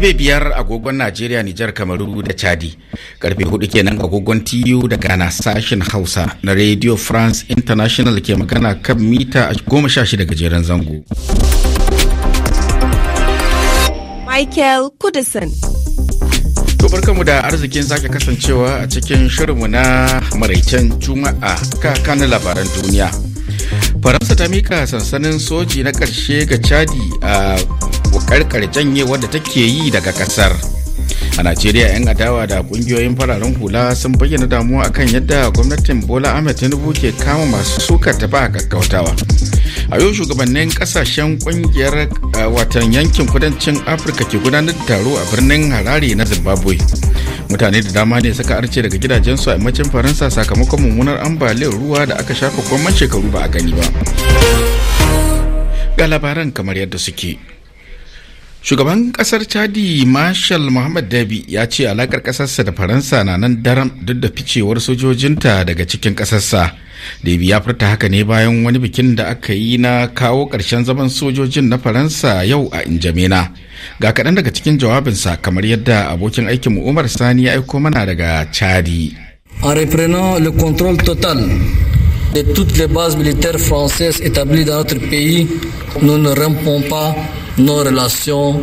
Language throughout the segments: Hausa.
karfe biyar agogon najeriya nijar kamaru da chadi karfe hudu kenan agogon tiyu da ghana sashen hausa na radio france international ke magana kan mita goma sha shida gajeren zango michael barkanmu da arzikin sake kasancewa a cikin shirinmu na maraicen juma'a kakan labaran duniya faransa ta mika sansanin soji na karshe ga chadi a kokarkar janyewar da take yi daga kasar a najeriya 'yan adawa da kungiyoyin fararen hula sun bayyana damuwa akan yadda gwamnatin bola ahmed tinubu ke kama masu suka ta ba a gaggautawa a yau shugabannin kasashen kungiyar eh, watan yankin kudancin afirka ke gudanar da taro a birnin harare na zimbabwe mutane da dama ne suka arce daga gidajensu a yammacin faransa sakamakon mummunar ambaliyar ruwa da aka shafa kwamman shekaru ba a gani ba ga labaran kamar yadda suke shugaban kasar chadi marshal muhammad dabi ya ce alakar kasarsa da faransa na nan daram duk da ficewar sojojinta daga cikin kasarsa dabi ya furta haka ne bayan wani bikin da aka yi na kawo karshen zaman sojojin na faransa yau a injamina ga kaɗan daga cikin jawabinsa kamar yadda abokin aikin umar sani ya aiko mana daga chadi le contrôle total de toutes les bases militaires françaises établies dans notre pays nous ne rampons pas nos relations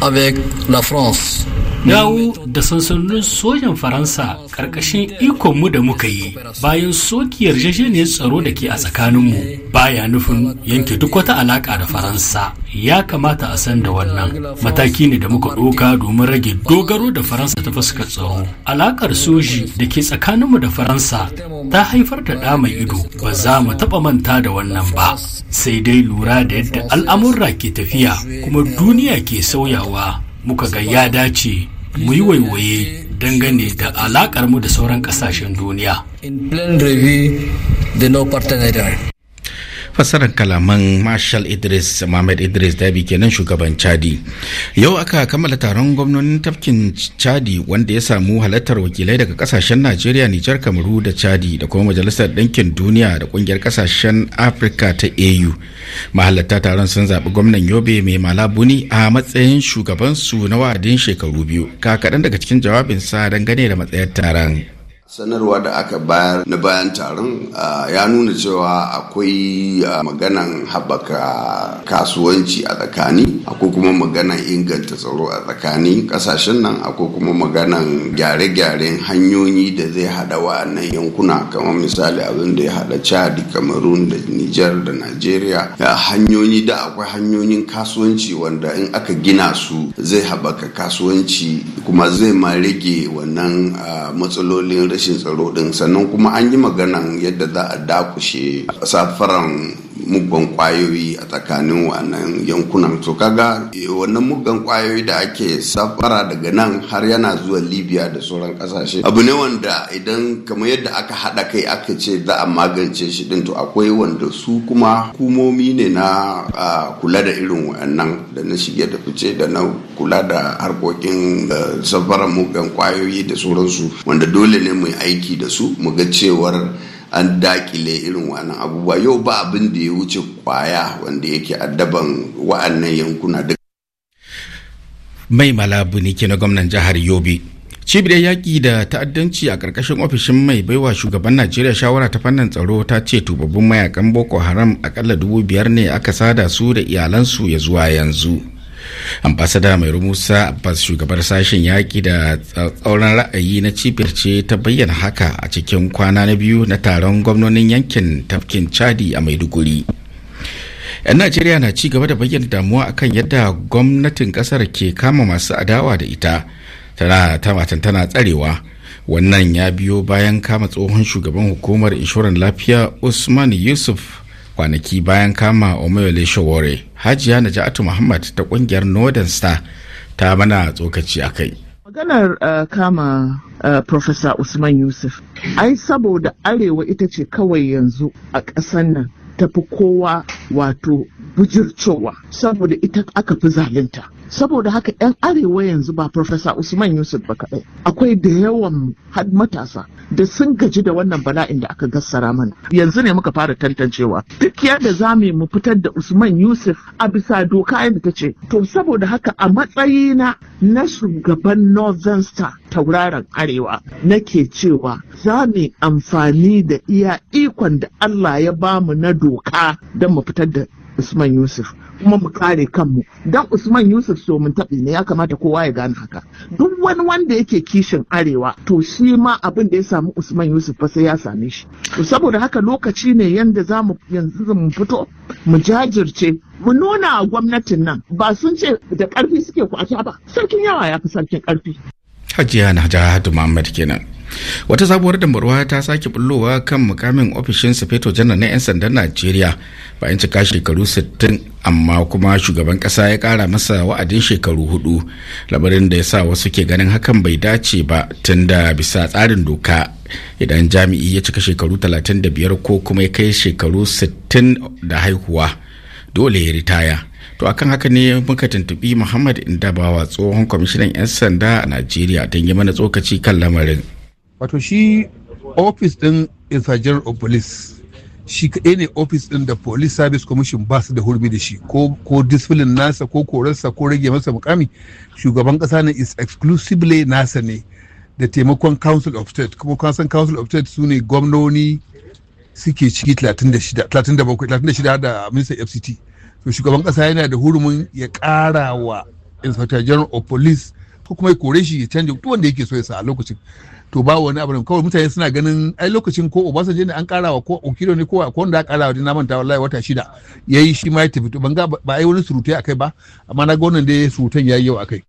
avec la France. dawo da sansanonin sojan faransa ƙarƙashin ikonmu da muka yi bayan soki yarjejeniyar tsaro da ke a tsakaninmu baya nufin yanke duk wata alaƙa da faransa ya kamata a san da wannan mataki ne da muka ɗoka domin rage dogaro da faransa ta fuskar tsaro alaƙar soji da ke tsakaninmu da faransa ta haifar da ɗa mai ido ba za mu taɓa manta da wannan ba sai dai lura da yadda al'amurra ke tafiya kuma duniya ke sauyawa muka ga ya dace mu yi waiwaye dangane da alakar mu da sauran kasashen duniya. In plain review, the no partner. fassarar kalaman marshal idris mohamed idris dabi kenan shugaban chadi yau aka kammala taron gwamnonin tafkin chadi wanda ya samu halartar wakilai daga kasashen najeriya nijar kamaru da chadi da kuma majalisar ɗinkin duniya da ƙungiyar kasashen afirka ta au mahalarta taron sun zaɓi gwamnan yobe mai malabuni a matsayin shugabansu na wa'adin shekaru biyu ka kaɗan daga cikin jawabinsa dangane da matsayar taron sanarwa da aka bayar na bayan taron ya nuna cewa akwai maganan haɓaka kasuwanci a tsakani akwai kuma maganan inganta tsaro a tsakanin ƙasashen nan akwai kuma maganan gyare-gyaren hanyoyi da zai haɗa na yankuna kamar misali abin da ya haɗa chad cameroon da niger da nigeria hanyoyi da akwai hanyoyin kasuwanci wanda in aka gina su zai haɓaka kasuwanci kuma zai ma rage wannan matsalolin rashin rashin tsaro din sannan kuma an yi maganan yadda za a dakushe safaran Mugan kwayoyi a tsakanin wannan yankunan to kaga eh, wannan mugan kwayoyi da ake safara daga nan har yana zuwa libya da sauran kasashe abu ne wanda idan kamar yadda aka haɗa kai aka ce za a magance shi din to akwai wanda su kuma hukumomi ne na kula da irin wannan da na shige da fice da na kula da harkokin eh, safarar mugan kwayoyi da sauransu wanda dole ne mu aiki da su mu ga cewar an dakile irin wannan abubuwa yau ba abin da ya wuce kwaya wanda yake addaban wa'annan yankuna duk mai malabu ne ke na gwamnan jihar yobe cibiyar yaƙi da ta'addanci a ƙarƙashin ofishin mai baiwa shugaban najeriya shawara ta fannin tsaro ta ce tubabbun mayakan boko haram akalla dubu biyar ne aka sada su da iyalansu ya zuwa yanzu ambasada mai rumusa abbas shugabar sashen yaƙi da tsauran ra'ayi na cibiyar ce ta bayyana haka a cikin kwana na biyu na taron gwamnonin yankin tafkin chadi a maiduguri 'yan najeriya na ci gaba da bayyana damuwa akan yadda gwamnatin kasar ke kama masu adawa da ita tana tamatan tana tsarewa wannan ya biyo bayan kama tsohon shugaban hukumar inshorar lafiya usman yusuf kwanaki bayan kama omayole shawore hajiya na ja'atu muhammad ta kungiyar northern star ta mana tsokaci a kai maganar uh, kama uh, profesa usman yusuf ai saboda arewa ita ce kawai yanzu a ƙasar nan tafi kowa wato bujircowa saboda ita aka fi zalunta saboda haka 'yan arewa yanzu ba Profesa Usman Yusuf ba kaɗai akwai da yawan matasa da sun gaji da wannan bala'in da aka gassara mana yanzu ne muka fara tantancewa duk yadda za mu mu fitar da Usman Yusuf a bisa doka yadda ta ce to saboda haka a matsayina na shugaban Northern Star tauraron arewa nake cewa za mu amfani da iya ikon da Allah ya bamu na doka don mu fitar fitar da Usman Yusuf kuma mu kare kanmu dan Usman Yusuf so mun taɓi ne ya kamata kowa ya gane haka duk wani wanda yake kishin arewa to shi ma abin da ya samu Usman Yusuf fa sai ya same shi to saboda haka lokaci ne yanda za mu yanzu mu fito mu jajirce mu nuna gwamnatin nan ba sun ce da ƙarfi suke kwace ba sarkin yawa ya fi sarkin ƙarfi Hajiya Najaha Muhammad kenan wata sabuwar dambarwa ta sake bullowa kan mukamin ofishin sufeto janar na 'yan sandan najeriya bayan cika shekaru 60 amma kuma shugaban kasa ya kara masa wa'adin shekaru hudu labarin da ya sa wasu ke ganin hakan bai dace ba tun da bisa tsarin doka idan jami'i ya cika shekaru 35 ko kuma ya kai shekaru 60 da haihuwa dole ya ritaya to akan haka ne muka tuntubi muhammad indabawa tsohon kwamishinan 'yan sanda a najeriya don yi mana tsokaci kan lamarin wato shi ofis din of police shi kaɗai ne ofis ɗin da police service commission ba su da hurbi da shi ko discipline nasa ko korarsa ko rage masa mukami shugaban ƙasa ne is exclusively nasa ne da taimakon council of state kuma kasan council of state su ne gwamnoni suke ciki 36 da minista fct to shugaban ƙasa yana da hurumin ya ƙara wa inspector general of police ko kuma ya kore shi ya canja duk wanda yake so ya sa a lokacin to ba wani abu kawai mutane suna ganin ai lokacin ko obasanjo ne an karawa ko okiro ne ko wanda a karawa na manta wallahi wata shida yayi shi ma ya tafi to ban ga ba ai wani surutai akai ba amma na wannan dai surutan yayi yau akai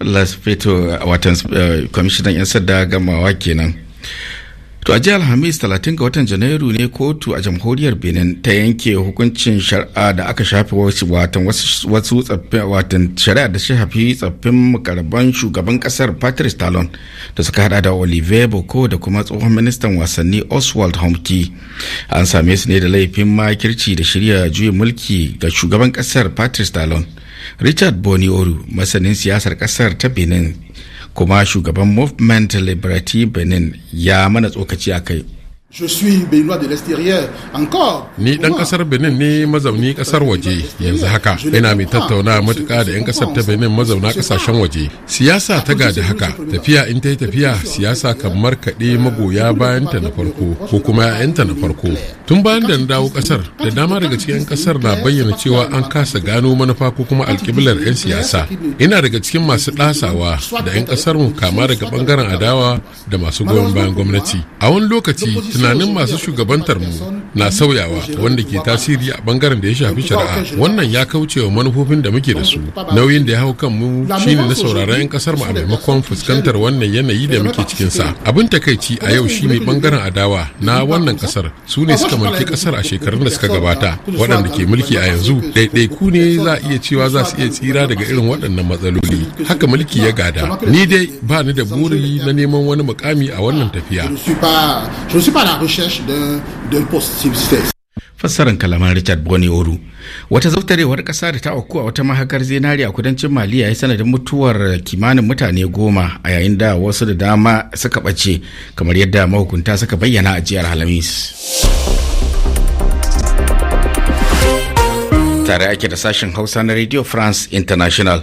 Allah su fito watan eh, kwamishinan 'yan sadda gamawa kenan. To a jihar Hamis 30 ga watan Janairu ne kotu a jamhuriyar Benin ta yanke hukuncin shari'a da aka shafi wasu watan wasu tsaffin watan shari'a da shafi tsaffin mukarban shugaban kasar Patrice Talon da suka hada da Olivier Boko da kuma tsohon ministan wasanni Oswald homki An same su ne da laifin makirci da shirya juyin mulki ga shugaban kasar Patrice Talon. Richard Bonioru masanin siyasar kasar ta Benin kuma shugaban movement liberty benin ya mana tsokaci a kai Ni dan kasar Benin ne mazauni kasar waje yanzu haka ina mai tattauna matuka da 'yan kasar ta Benin mazauna kasashen waje. Siyasa ta gada haka tafiya in ta yi tafiya siyasa kamar kaɗe magoya bayan ta na farko ko kuma 'ya'yanta na farko. Tun bayan da na dawo kasar da dama daga cikin 'yan kasar na bayyana cewa an kasa gano manufa ko kuma alƙiblar 'yan siyasa. Ina daga cikin masu ɗasawa da 'yan kasar mu kama daga bangaren adawa da masu goyon bayan gwamnati. A wani lokaci tunanin masu shugabantar mu na sauyawa wanda ke tasiri a bangaren da ya shafi shari'a wannan ya kauce wa manufofin da muke da su nauyin da ya hau kan mu shine na sauraron 'yan kasar mu a maimakon fuskantar wannan yanayi da muke cikin sa abin takaici a yau shine bangaren adawa na wannan kasar su ne suka mulki kasar a shekarun da suka gabata waɗanda ke mulki a yanzu ɗaiɗaiku ne za a iya cewa za su iya tsira daga irin waɗannan matsaloli haka mulki ya gada ni dai ba ni da buri na neman wani mukami a wannan tafiya la recherche d'un poste fassarar kalaman richard Oru wata zaftarewar kasa da ta auku a wata mahakar zinari a kudancin mali ya yi sanadin mutuwar kimanin mutane goma a yayin da wasu da dama suka bace kamar yadda mahukunta suka bayyana a jiyar alhamis tare ake da sashen hausa na radio france international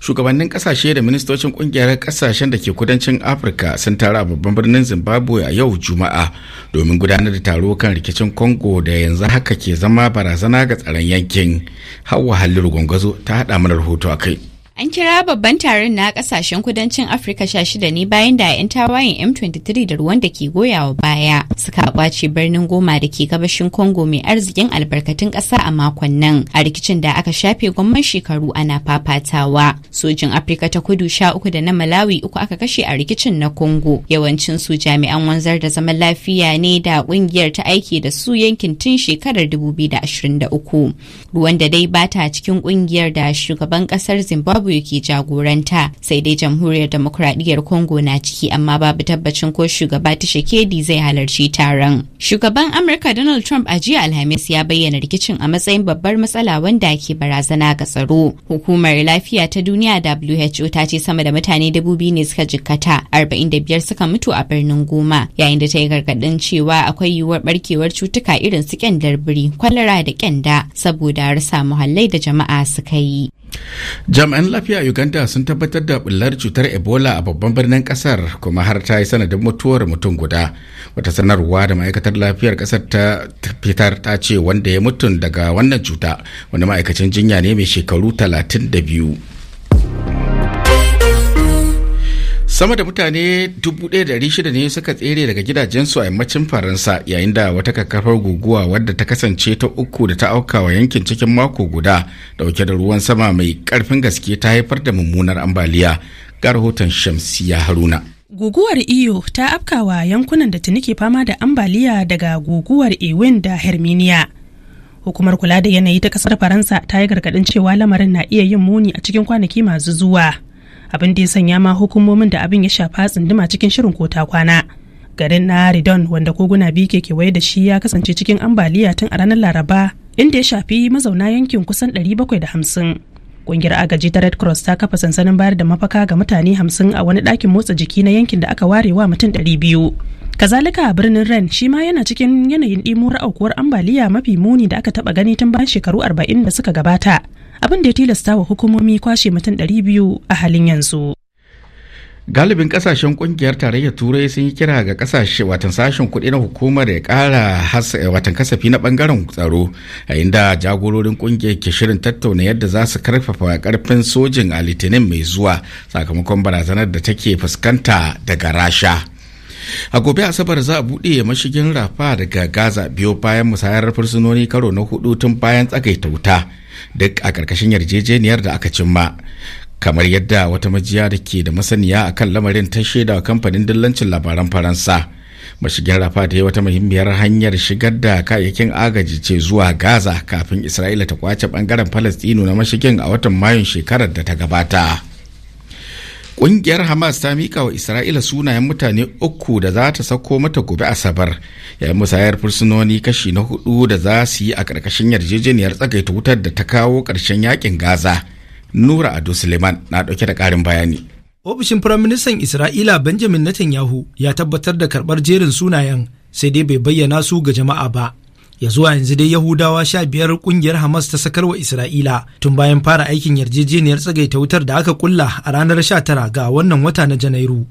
shugabannin kasashe da ministocin kungiyar kasashen da ke kudancin afirka sun tara babban birnin zimbabwe a yau juma'a domin gudanar da taro kan rikicin congo da yanzu haka ke zama barazana ga tsaron yankin hawa halin rugungazo ta hada mana rahoto a kai An kira babban taron na kasashen kudancin Afirka shida ne bayan da 'yan tawayen M23 da ruwan da ke goyawa baya suka kwace birnin goma da ke gabashin Congo mai arzikin albarkatun ƙasa a makon nan a rikicin da aka shafe gwamnan shekaru ana fafatawa. Sojin Afirka ta kudu sha uku da na Malawi uku aka kashe a rikicin na Congo. Yawancin su jami'an wanzar da zaman lafiya ne da kungiyar ta aiki da su yankin tun shekarar 2023. Ruwan da dai bata cikin kungiyar da shugaban kasar Zimbabwe Zimbabwe ke jagoranta sai dai jamhuriyar demokradiyyar Congo na ciki amma babu tabbacin ko shugaba Tshisekedi zai halarci taron. Shugaban Amurka Donald Trump a jiya Alhamis ya bayyana rikicin a matsayin babbar matsala wanda ke barazana ga tsaro. Hukumar lafiya ta duniya WHO ta ce sama da mutane dubu biyu ne suka jikkata, arba'in da biyar suka mutu a birnin Goma, yayin da ta yi gargaɗin cewa akwai yiwuwar barkewar cutuka irin su kyandar biri, kwalara da kyanda saboda rasa muhallai da jama'a suka yi. jami'an lafiya uganda sun tabbatar da bullar cutar ebola a babban birnin kasar kuma har ta yi sanadin mutuwar mutum guda wata sanarwa da ma'aikatar lafiyar kasar ta fitar ta ce wanda ya mutum daga wannan cuta wani ma'aikacin jinya ne mai shekaru 32 sama da mutane 1,600 ne suka tsere daga gidajensu a yammacin faransa yayin da wata kakkafar guguwa wadda ta kasance ta uku da ta auka wa yankin cikin mako guda dauke da ruwan sama mai karfin gaske ta haifar da mummunar ambaliya ga rahoton shamsiya haruna guguwar iyo ta afkawa yankunan da tuni ke fama da ambaliya daga guguwar ewin da herminiya hukumar kula da yanayi ta kasar faransa ta yi gargadin cewa lamarin na iya yin muni a cikin kwanaki masu zuwa abin da ya sanya ma hukumomin da abin ya shafa tsunduma cikin shirin kota kwana garin na ridon wanda koguna biyu ke kewaye da shi ya kasance cikin ambaliya tun a ranar laraba inda ya shafi mazauna yankin kusan 750 kungiyar agaji ta red cross ta kafa sansanin bayar da mafaka ga mutane 50 a wani ɗakin motsa jiki na yankin da aka ware wa mutum 200 kazalika a birnin ren shi ma yana cikin yanayin ɗimuwar aukuwar ambaliya mafi muni da aka taɓa gani tun bayan shekaru 40 da suka gabata abin da ya tilasta wa hukumomi kwashe mutum 200 a halin yanzu. galibin kasashen kungiyar tarayyar turai sun yi kira ga kasashe watan sashen kuɗi na hukumar ya ƙara eh, watan kasafi na bangaren tsaro a inda jagororin kungiyar ke shirin tattauna yadda za su karfafa karfin sojin a litinin mai zuwa sakamakon barazanar da take fuskanta daga rasha a gobe asabar za a buɗe mashigin rafa daga gaza biyo bayan musayar fursunoni karo na hudu tun bayan tsagaita wuta duk a ƙarƙashin yarjejeniyar da aka cimma kamar yadda wata majiya da ke da masaniya a kan lamarin ta shaida wa kamfanin dillancin labaran faransa mashigin rafa ta yi wata muhimmiyar hanyar shigar da kayayyakin agaji ce zuwa gaza kafin isra'ila ta kwace bangaren falastinu na mashigin a watan mayun shekarar da ta gabata Ƙungiyar Hamas ta mika wa Isra'ila sunayen mutane uku da za ta sauko mata gobe Asabar, yayin musayar fursunoni kashi na hudu da za su yi a ƙarƙashin yarjejeniyar tsagaita wutar da ta kawo ƙarshen yakin Gaza. Nura Ado Suleiman na ɗauke da ƙarin bayani. Ofishin Firaministan Isra'ila Benjamin Netanyahu ya tabbatar da karɓar jerin sunayen sai dai bai bayyana su ga jama'a ba. ya zuwa yanzu dai yahudawa sha biyar kungiyar hamas ta sakar wa isra'ila tun bayan fara aikin yarjejeniyar tsagaita wutar da aka kulla a ranar 19 ga wannan wata na janairu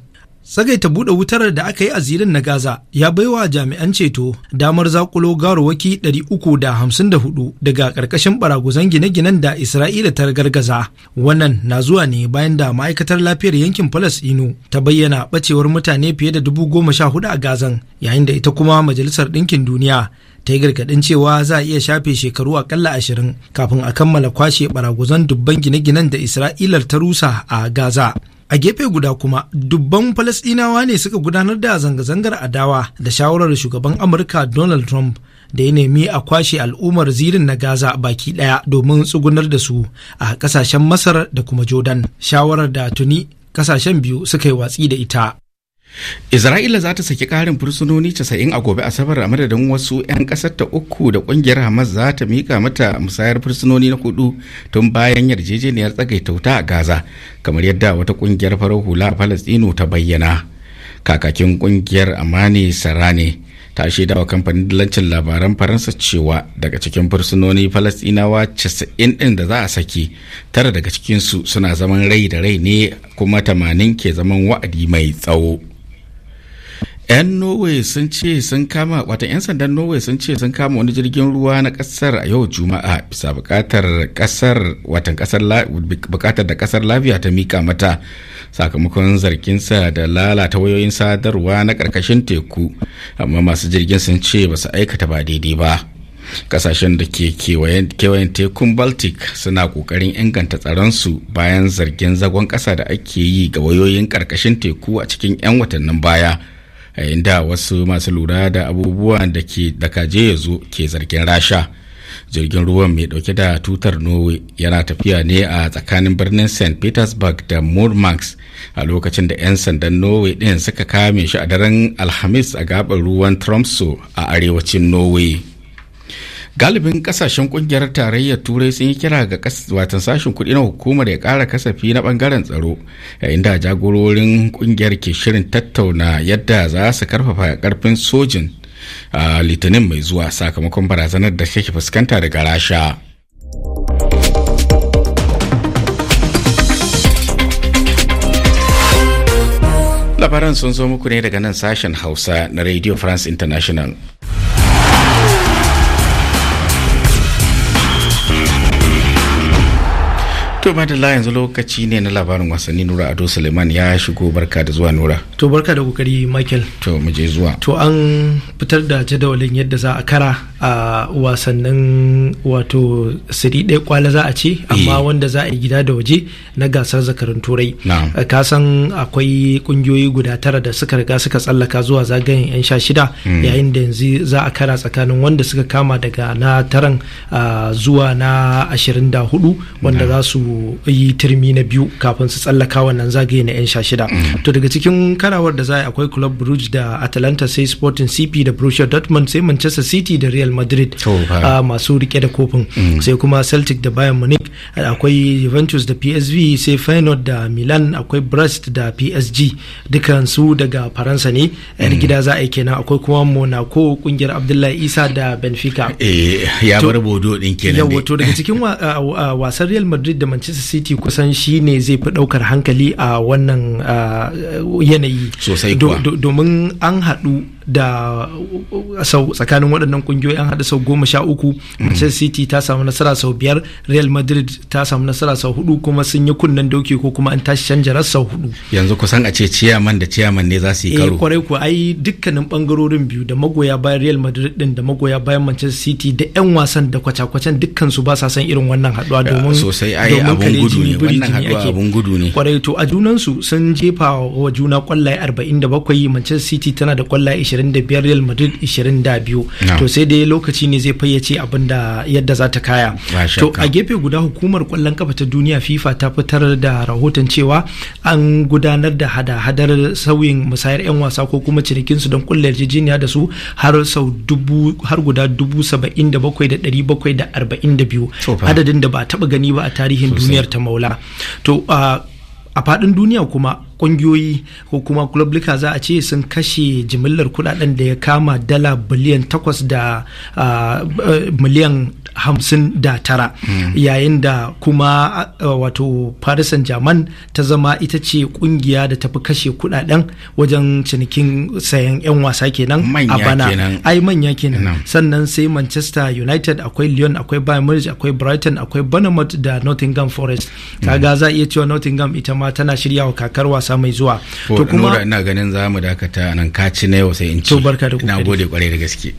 tsagaita buɗe wutar da aka yi a zirin na gaza ya baiwa jami'an ceto damar zakulo garowaki 354 daga ƙarƙashin baraguzan gine-ginen da isra'ila ta gargaza wannan na zuwa ne bayan da ma'aikatar lafiyar yankin falasɗinu ta bayyana ɓacewar mutane fiye da dubu goma sha hudu a gazan yayin da ita kuma majalisar ɗinkin duniya ta yi gargaɗin cewa za a iya shafe shekaru akalla ashirin kafin a kammala kwashe baraguzan dubban gine-ginen da isra'ilar ta rusa a gaza a gefe guda kuma dubban falasɗinawa ne suka gudanar da zanga-zangar adawa da shawarar shugaban amurka donald trump da ya nemi a kwashe al'ummar zirin na Gaza baki ɗaya domin tsugunar da su a ƙasashen Masar da kuma Jordan, shawarar da tuni ƙasashen biyu suka yi watsi da ita. Isra'ila za ta saki ƙarin fursunoni 90 a gobe Asabar a madadin wasu 'yan kasar ta uku da kungiyar Hamas za ta mika mata musayar fursunoni na hudu tun bayan yarjejeniyar tsagaita wuta a Gaza, kamar yadda wata kungiyar farar hula a Falastinu ta bayyana. Kakakin kungiyar Amani sarani ta shaida wa kamfanin dalancin labaran Faransa cewa daga cikin fursunoni Falastinawa 90 ɗin da za a saki, tara daga cikinsu suna zaman rai da rai ne kuma 80 ke zaman wa'adi mai tsawo. 'yan norway sun ce sun kama watan 'yan sandan norway sun ce sun kama wani jirgin ruwa na kasar a yau juma'a bisa bukatar da kasar lafiya ta mika mata sakamakon zarginsa da lalata wayoyin sadarwa na karkashin teku amma masu jirgin sun ce ba su aikata ba daidai ba kasashen da ke kewayen tekun baltic suna kokarin inganta tsaronsu bayan zargin zagon kasa da ake yi ga wayoyin karkashin teku a cikin 'yan watannin baya a da wasu masu lura da abubuwan da ke je ya zo ke zargin rasha jirgin ruwan mai dauke da tutar norway yana tafiya ne a tsakanin birnin st petersburg da murmansk a lokacin da 'yan sandan norway din suka kame shi a daren alhamis a gabar ruwan tromso a arewacin norway galibin kasashen kungiyar tarayyar turai sun yi kira ga watan sashen kudi na hukumar ya kara kasafi na bangaren tsaro yayin da jagororin kungiyar ke shirin tattauna yadda za su karfafa karfin sojin a litinin mai zuwa sakamakon barazanar da take fuskanta daga rasha labaran sun zo muku ne daga nan sashen hausa na radio france international To madalla yanzu lokaci ne na labarin wasanni Nura Ado Suleiman ya shigo barka da zuwa Nura. To barka da kokari Michael. To mu je zuwa. To an fitar da jadawalin yadda za a kara a wasannin wato siri ɗaya kwala za a ce eh. amma wanda za a yi gida da waje na gasar zakarin turai eh, ka san akwai ƙungiyoyi guda tara da suka riga suka tsallaka zuwa zagayen yan sha shida mm. yayin da yanzu za a kara tsakanin wanda suka kama daga na taran zuwa na ashirin da hudu wanda za su yi turmi na biyu kafin su tsallaka wannan zagaye na yan sha shida mm. to daga cikin karawar da za a akwai club brugge da atalanta sai sporting cp da borussia dortmund sai manchester city da real real madrid oh, a ah, masu rike da kofin mm. sai kuma celtic da bayern munich akwai juventus da psv sai feyenoord da milan akwai brest da psg dukansu daga faransa ne yar mm. gida za a yi kenan akwai kuma monaco kungiyar abdullahi isa da benfica eh, ya bar bodo din kenan yawa to daga cikin ah, ah, wasan real madrid da manchester city kusan shi ne zai fi daukar hankali a wannan yanayi domin an haɗu da tsakanin waɗannan ƙungiyoyi an haɗa sau goma sha uku manchester city ta samu nasara sau biyar real madrid ta samu nasara sau hudu kuma sun yi kunnen doki ko kuma an tashi canja sau hudu yanzu kusan a ce ciyaman da ciyaman ne za su yi karo eh, kwarai ku ai dukkanin bangarorin biyu da magoya bayan real madrid din da magoya bayan manchester city da yan wasan da kwace-kwacen dukkan su ba sa san irin wannan haɗuwa domin sosai ai abun gudu ne wannan haɗuwa abun gudu ne kwarai to a junan su sun jefa wa juna kwallaye 47 manchester city tana da kwallaye 25 real madrid 22 to sai dai lokaci ne zai fayyace abin da yadda za ta kaya to a gefe guda hukumar kwallon kafa ta duniya fifa ta fitar da rahoton cewa an gudanar da hada-hadar sauyin musayar 'yan wasa ko kuma cinikinsu don kulla yarjejeniya da su har sau dubu har guda dubu saba'in da bakwai da dari bakwai da arba'in da biyu adadin da ba taɓa gani ba a tarihin duniyar ta maula to a faɗin duniya kuma kungiyoyi ko kuma clublika za a ce sun kashe jimillar kudaden da ya kama dala biliyan takwas da ah, eh, miliyan hamsin da tara hmm. yayin da kuma ah, wato paris saint germain ta zama ita ce kungiya da tafi kashe kudaden wajen cinikin sayan 'yan wasa kenan a bana ai manya kenan sannan sai manchester united akwai lyon akwai bayern munich akwai brighton akwai bournemouth da nottingham forest hmm. kaga za iya cewa nottingham ita ma tana shiryawa kakar wasa wasa mai zuwa to kuma ina ganin za mu dakata nan kaci na yau sai in ci to barka da ina gode kwarai da gaske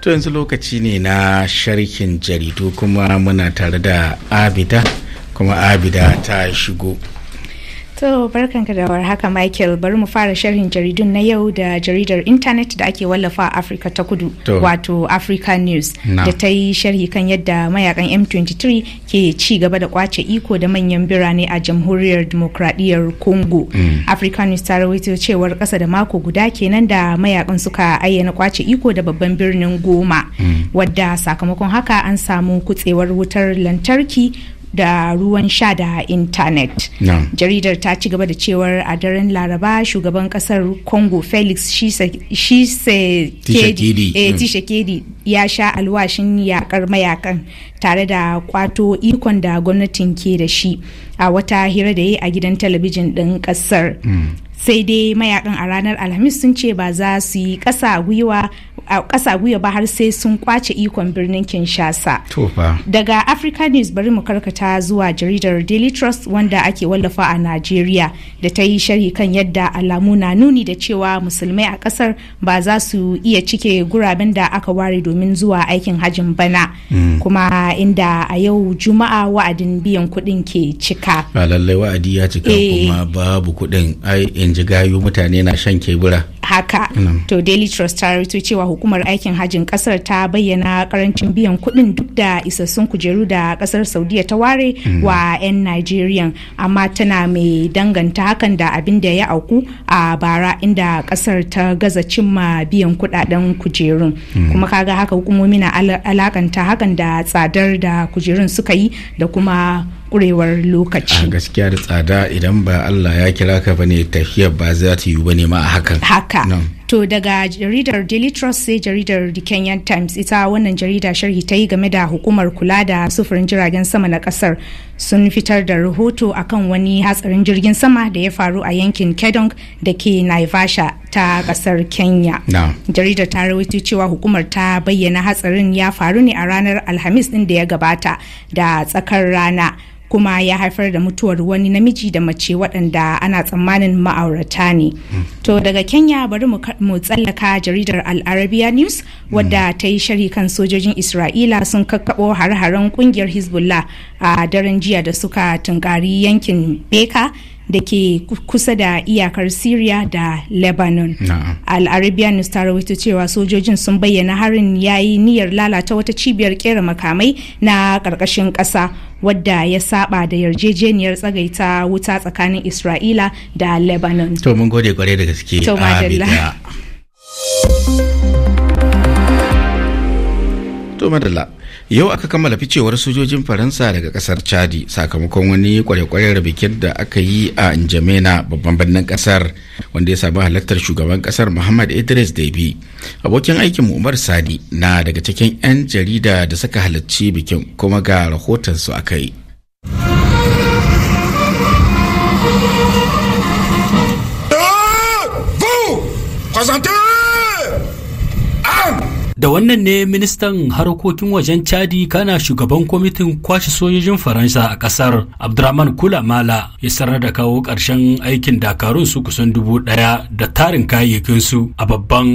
to yanzu lokaci ne na sharkin jaridu kuma muna tare da abida kuma abida ta shigo To barkanka da haka Michael bari mu fara sharhin jaridun na yau da jaridar intanet da ake wallafa a Afirka ta kudu wato Africa News da ta yi sharhi kan yadda mayakan M23 ke ci gaba da kwace iko da manyan birane a jamhuriyar demokradiyyar Congo. Mm. Africa News ta rawaito cewar kasa da mako guda kenan da mayakan suka ayyana kwace iko da babban birnin Goma mm. wadda sakamakon haka an samu kutsewar wutar lantarki da ruwan sha da intanet. Jaridar ta ci gaba da cewar a daren Laraba shugaban kasar Congo Felix Tshisekedi eh, ya sha alwashin yakar mayakan tare da kwato ikon da gwamnatin ke da shi a wata hira da yi a gidan talabijin ɗin ƙasar. Mm. sai dai mayakan a ranar alhamis sun ce ba za su yi ƙasa gwiwa a ƙasa gwiwa ba har sai sun kwace ikon birnin Kinshasa. Daga Africa News bari mu karkata zuwa jaridar Daily Trust wanda ake wallafa a Najeriya da ta yi sharhi kan yadda alamu na nuni da cewa musulmai a ƙasar ba za su iya cike guraben da aka ware domin zuwa aikin hajin bana. Mm. Kuma inda a yau Juma'a wa'adin biyan kuɗin ke cika. Ba lallai wa'adi ya cika eh. kuma babu kuɗin ai in gayu mutane na shan kebura. Haka. To Daily Trust ta cewa hukumar aikin hajjin kasar ta bayyana karancin biyan kuɗin duk da isassun kujeru da kasar saudiya ta ware mm. wa 'yan nigeria amma tana mai danganta hakan da abin da ya auku a bara inda kasar ta gaza cimma biyan kuɗaɗen kujerun mm. kuma kaga haka hukumomi na alakanta hakan da tsadar da kujerun suka yi da kuma kurewar lokaci. A gaskiya da tsada idan ba Allah ya kira ka bane tafiyar ba za ta ba bane ma a hakan. to daga jaridar daily trust sai jaridar the kenyan times ita wannan jarida sharhi ta yi game da hukumar kula da sufurin jiragen sama na kasar sun fitar da rahoto akan wani hatsarin jirgin sama da ya faru a yankin kedong da ke naivasha ta kasar kenya jaridar ta rawaito cewa hukumar ta bayyana hatsarin ya faru ne a ranar alhamis din da ya gabata da tsakar rana kuma ya haifar da mutuwar wani namiji da mace waɗanda ana tsammanin ma'aurata ne. To daga Kenya bari mu tsallaka jaridar Al-Arabiya News wadda ta yi shari kan sojojin Isra'ila sun kakkaɓo har-haren ƙungiyar Hezbollah a daren jiya da suka tunkari yankin Beka da ke kusa da iyakar syria da lebanon al'arabiya news ta rawaito cewa sojojin sun bayyana harin ya yi niyyar lalata wata cibiyar kera makamai na ƙarƙashin ƙasa wadda ya saba da yarjejeniyar tsagaita wuta tsakanin isra'ila da lebanon to mun gode kwarai da gaske to madalla yau aka kammala ficewar sojojin faransa daga kasar chadi sakamakon wani kwarekwarar bikin da aka yi a njamena babban birnin kasar wanda ya sami halartar shugaban kasar muhammad idris debi abokin aikin umar sadi na daga cikin 'yan jarida da suka halarci bikin kuma ga rahotonsu a kai euh, Présentez da wannan ne ministan harkokin wajen chadi kana shugaban kwamitin kwashe sojojin faransa a kasar abdurrahman kula mala ya sanar da kawo ƙarshen aikin dakarun su kusan dubu ɗaya da tarin kayayyakin su a babban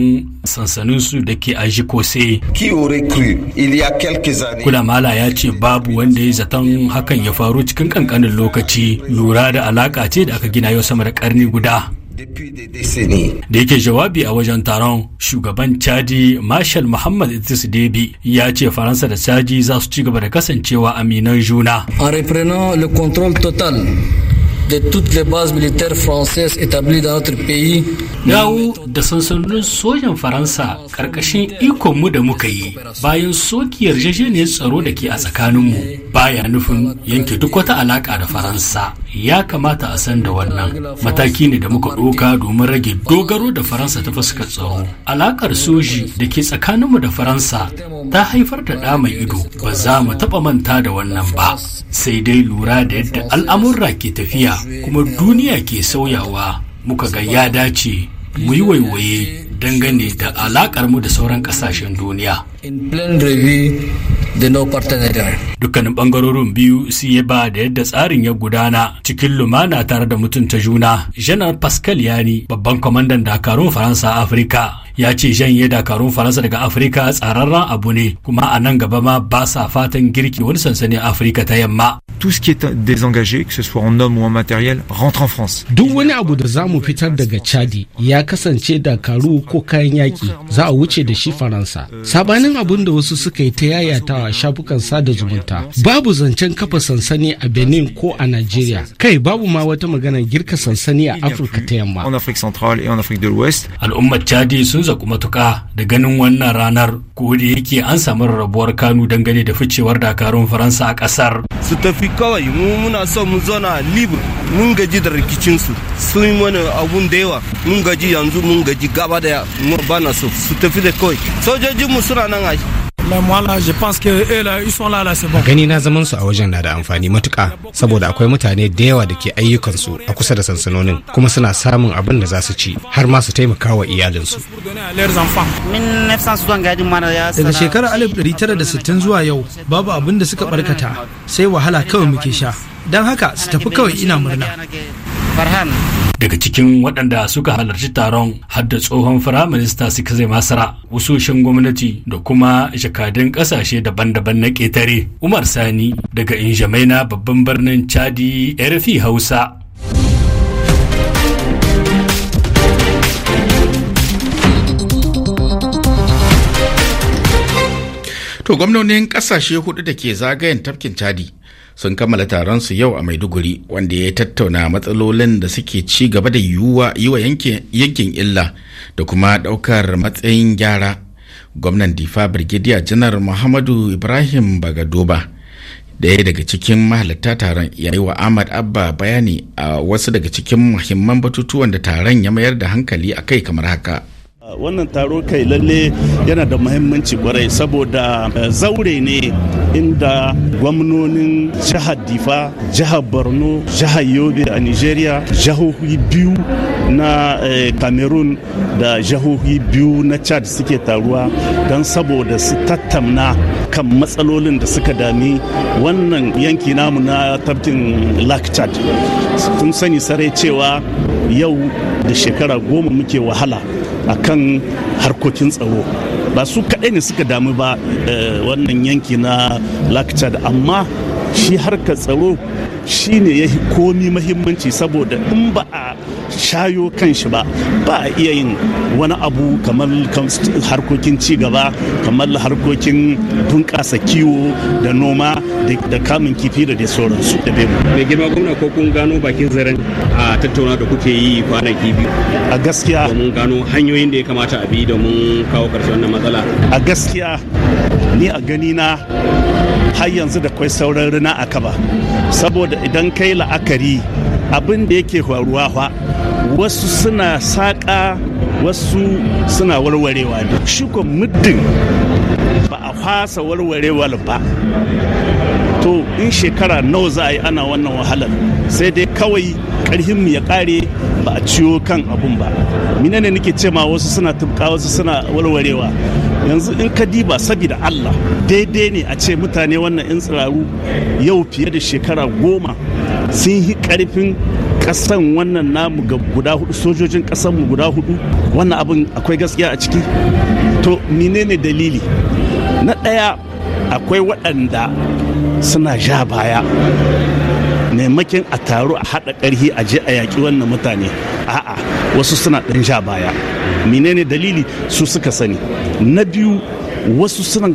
sansanin su da ke a jikose kula mala ya ce babu wanda ya zaton hakan ya faru cikin kankanin lokaci lura da alaka ce da aka gina yau sama da ƙarni guda Da yake jawabi a wajen taron shugaban Chadi Marshal Muhammad Idris Debi ya ce Faransa da Chadi za su ci gaba da kasancewa aminan juna. a reprenant le control total de toutes les bases militaires françaises établies dans notre pays. yawo da sansanonin sojan Faransa karkashin ikonmu da muka yi bayan soki yarjejeniyar tsaro da ke a tsakaninmu baya nufin yanke duk wata alaka da Faransa. Ya kamata a san da wannan mataki ne da muka ɗoka domin rage dogaro da Faransa ta fuskar tsaro. Alakar soji da ke tsakaninmu da Faransa ta haifar da ɗa mai ido ba za mu taɓa manta da wannan ba sai dai lura da yadda al'amurra ke tafiya kuma duniya ke sauyawa muka ga ya dace mu yi waiwaye dangane da alakar mu da sauran kasashen duniya. no partenariat. Dukkanin bangarorin biyu su ya ba da yadda tsarin ya gudana cikin lumana tare da mutunta juna. Janar Pascal Yani babban kwamandan dakarun Faransa a Afirka ya ce janye dakarun Faransa daga Afirka tsararren abu ne kuma a nan gaba ma ba sa fatan girki wani sansanin Afirka ta yamma. Tout ce qui est désengagé, que ce soit en homme ou en matériel, rentre en France. Duk wani abu da zamu fitar daga Chadi ya kasance dakaru ko kayan yaki za a wuce da shi Faransa. Sabanin abun da wasu suka yi ta yayatawa shafukan sada zumunta babu zancen kafa sansani a benin ko a nigeria kai babu ma wata magana girka sansani a afirka ta yamma al'ummar chadi sun zaku matuka da ganin wannan ranar ko da yake an samu rabuwar kanu dangane da ficewar dakarun faransa a kasar su tafi kawai mu muna so mu zauna libre mun gaji da rikicin su sun yi mana abun da yawa mun gaji yanzu mun gaji gaba da mu bana so su tafi da kawai mu suna nan a Lamuala, je pense que là, ils sont là là c'est bon gani na zaman su a wajen na da amfani matuka saboda akwai mutane da yawa da ke ayyukan su a kusa da sansanonin kuma suna samun abin da za su ci har ma su taimaka wa iyalin su daga shekarar 1960 zuwa yau babu abin da suka barkata sai wahala kawai muke sha don haka su tafi kawai ina murna farhan daga cikin waɗanda suka halarci taron har da tsohon firaminista zai masara wasoshin gwamnati da kuma jakadun ƙasashe daban-daban na ƙetare umar sani daga injamaina babban birnin chadi rfi hausa To gwamnonin ƙasashe hudu da ke zagayen tafkin Chadi sun kammala taron su yau a maiduguri wanda ya tattauna matsalolin da suke ci gaba da yiwuwa yi wa yankin illa da kuma ɗaukar matsayin gyara gwamnan difa birgidiya janar muhammadu ibrahim bagadoba daya daga cikin mahalatta taron ya yi wa ahmad abba bayani a wasu daga cikin muhimman batutuwan da taron ya mayar da hankali a kai kamar haka Wannan taro kai lalle yana da muhimmanci kwarai saboda eh, zaure ne inda gwamnonin jihar Difa, jihar Borno, jihar Yobe a Nigeria, jihohi biyu na eh, Cameroon da jihohi biyu na Chad suke taruwa don saboda su tattamna kan matsalolin da suka dami wannan yanki namu na tafkin Lake Chad. sun sani sarai cewa yau da shekara goma muke wahala a kan harkokin tsaro ba su kaɗai ne suka damu ba eh, wannan yanki na lakcad amma shi harkar tsaro shi ne ya komi mahimmanci saboda in ba a shayo kan shi ba ba a iya yin wani abu kamar harkokin ci gaba kamar harkokin bunƙasa kiwo da noma da kamun kifi da dai sauransu da bemu mai girma gwamna ko kun gano bakin zaren a tattauna da kuke yi kwanaki biyu a gaskiya domin gano hanyoyin da ya kamata a bi domin kawo ƙarshen wannan matsala a gaskiya ni a gani na har yanzu da kwai sauran rina a kaba saboda idan kai la'akari abin da yake faruwa fa wasu suna saƙa wasu suna warwarewa da shi muddin ba a fasa warwarewar ba to in shekara nawa za a yi ana wannan wahalar sai dai kawai mu ya ƙare ba a ciwo kan abun ba mine ne nake ce ma wasu suna tubka wasu suna warwarewa yanzu in ka diba saboda allah daidai ne a ce mutane wannan 'yan tsiraru yau fiye da shekara goma sun yi karfin kasan wannan namu ga guda hudu sojojin mu guda hudu wannan abin akwai gaskiya a ciki to menene dalili na ɗaya akwai waɗanda suna ja baya maimakin a taru a haɗa ƙarfi a je a yaƙi wannan mutane a'a wasu suna ɗan ja baya menene dalili su suka sani na biyu wasu suna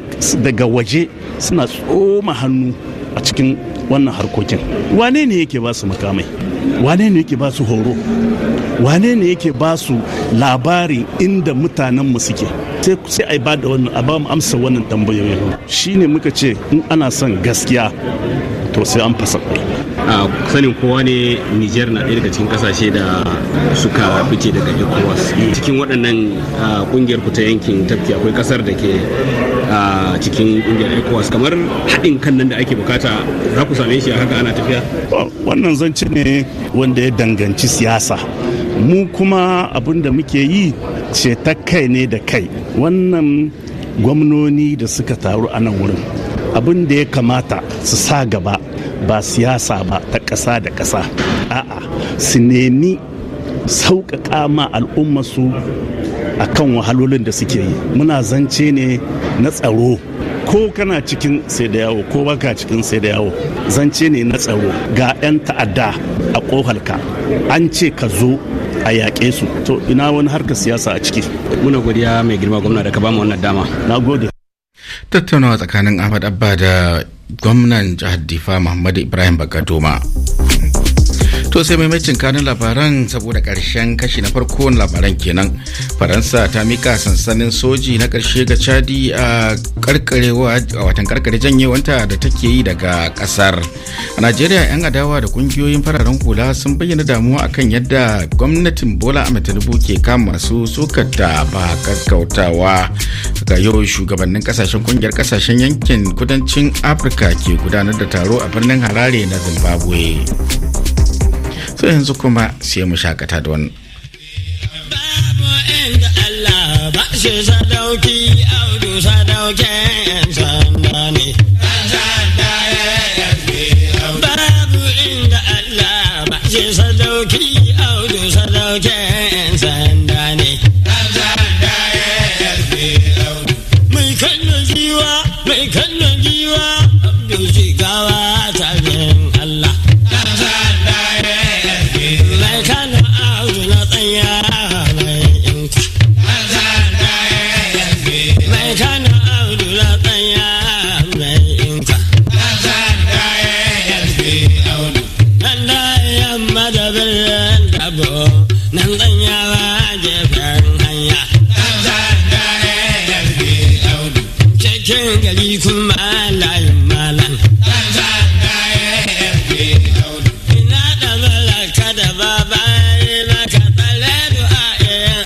daga waje suna tsoma hannu a cikin wannan harkokin wane ne yake ba su makamai wane ne yake ba su horo wane ne yake ba su labari inda mutanenmu suke sai a ba da wannan a ba mu amsa wannan tambayoyin shine muka ce in ana son gaskiya to sai an fasa a sanin kowa ne niger na ɗaya daga cikin kasashe da suka fice daga ecowas cikin waɗannan kungiyar ku ta yankin tafki akwai kasar da ke a cikin kungiyar ecowas kamar haɗin kan nan da ake bukata za ku same shi a haka ana tafiya wannan zance ne wanda ya danganci siyasa mu kuma abin da muke yi ce ta kai ne da kai wannan gwamnoni da suka taru a nan wurin abin da ya kamata su sa gaba ba siyasa ba ta ƙasa da ƙasa a'a su nemi sauƙaƙa ma al'ummasu a kan wahalolin da suke yi muna zance ne na tsaro ko kana cikin sai da yawo ko baka cikin sai da yawo zance ne na tsaro ga 'yan ta'adda a kohalka an ce ka zo a yaƙe su to ina wani harkar siyasa a ciki muna godiya mai girma gwamna da ka mu wannan dama na gode tattaunawa tsakanin ahmad abba da gwamnan jihar difa muhammadu ibrahim bakatoma To sai maimacin kanun labaran saboda karshen kashi na farko labaran kenan. Faransa ta mika sansanin soji na ƙarshe ga Chadi a watan karkare janyewanta da take yi daga ƙasar. A Najeriya 'yan adawa da ƙungiyoyin fararen hula sun bayyana damuwa akan yadda gwamnatin Bola Ahmed Tinubu ke kama masu sukata ba kakkautawa. Ga yau shugabannin ƙasashen ƙungiyar ƙasashen yankin kudancin Afirka ke gudanar da taro a birnin Harare na Zimbabwe. so yanzu kuma sai mu shakata da wani babu inda Allah ba shi sadauki audu sadauken